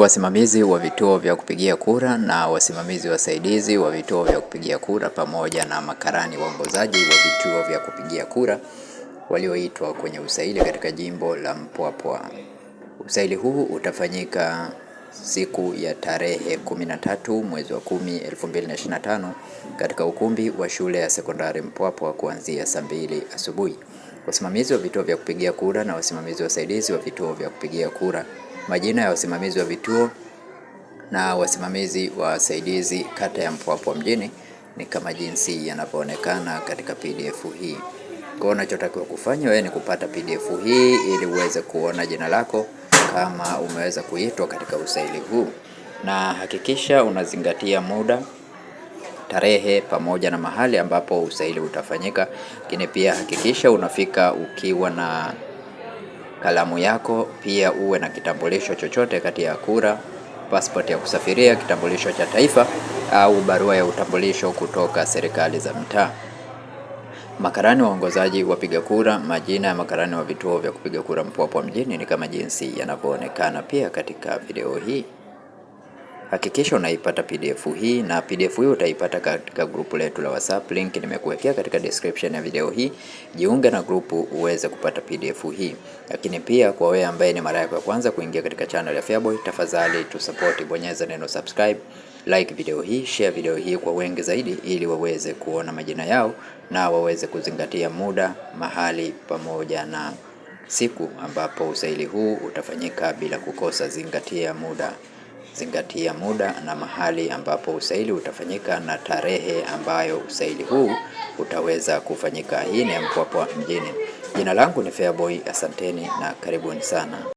wasimamizi wa vituo vya kupigia kura na wasimamizi wasaidizi wa vituo vya kupigia kura pamoja na makarani waongozaji wa vituo vya kupigia kura walioitwa kwenye usaili katika jimbo la Mpwapwa. Usaili huu utafanyika siku ya tarehe 13 mwezi wa 10 2025 katika ukumbi wa shule ya sekondari Mpwapwa kuanzia saa mbili asubuhi. Wasimamizi wa vituo vya kupigia kura na wasimamizi wasaidizi wa vituo vya kupigia kura majina ya wasimamizi wa vituo na wasimamizi wa wasaidizi kata ya Mpwapwa mjini ni kama jinsi yanavyoonekana katika PDF hii. Kwa hiyo unachotakiwa kufanya wewe ni kupata PDF hii ili uweze kuona jina lako kama umeweza kuitwa katika usaili huu, na hakikisha unazingatia muda, tarehe pamoja na mahali ambapo usaili utafanyika, lakini pia hakikisha unafika ukiwa na kalamu yako, pia uwe na kitambulisho chochote kati ya kura, passport ya kusafiria, kitambulisho cha taifa au barua ya utambulisho kutoka serikali za mtaa. Makarani waongozaji wapiga kura. Majina ya makarani wa vituo vya kupiga kura Mpwapwa mjini ni kama jinsi yanavyoonekana pia katika video hii. Hakikisha unaipata PDF hii na PDF hii utaipata katika grupu letu la WhatsApp, link nimekuwekea katika description ya video hii. Jiunge na grupu uweze kupata PDF hii. Lakini pia kwa wewe ambaye ni mara yako ya kwanza kuingia katika channel ya Feaboy, tafadhali tu support, bonyeza neno subscribe, like video hii, share video hii kwa wengi zaidi, ili waweze kuona majina yao na waweze kuzingatia muda, mahali pamoja na siku ambapo usaili huu utafanyika bila kukosa. Zingatia muda. Zingatia muda na mahali ambapo usaili utafanyika na tarehe ambayo usaili huu utaweza kufanyika. Hii ni Mpwapwa Mjini. Jina langu ni Feaboy, asanteni na karibuni sana.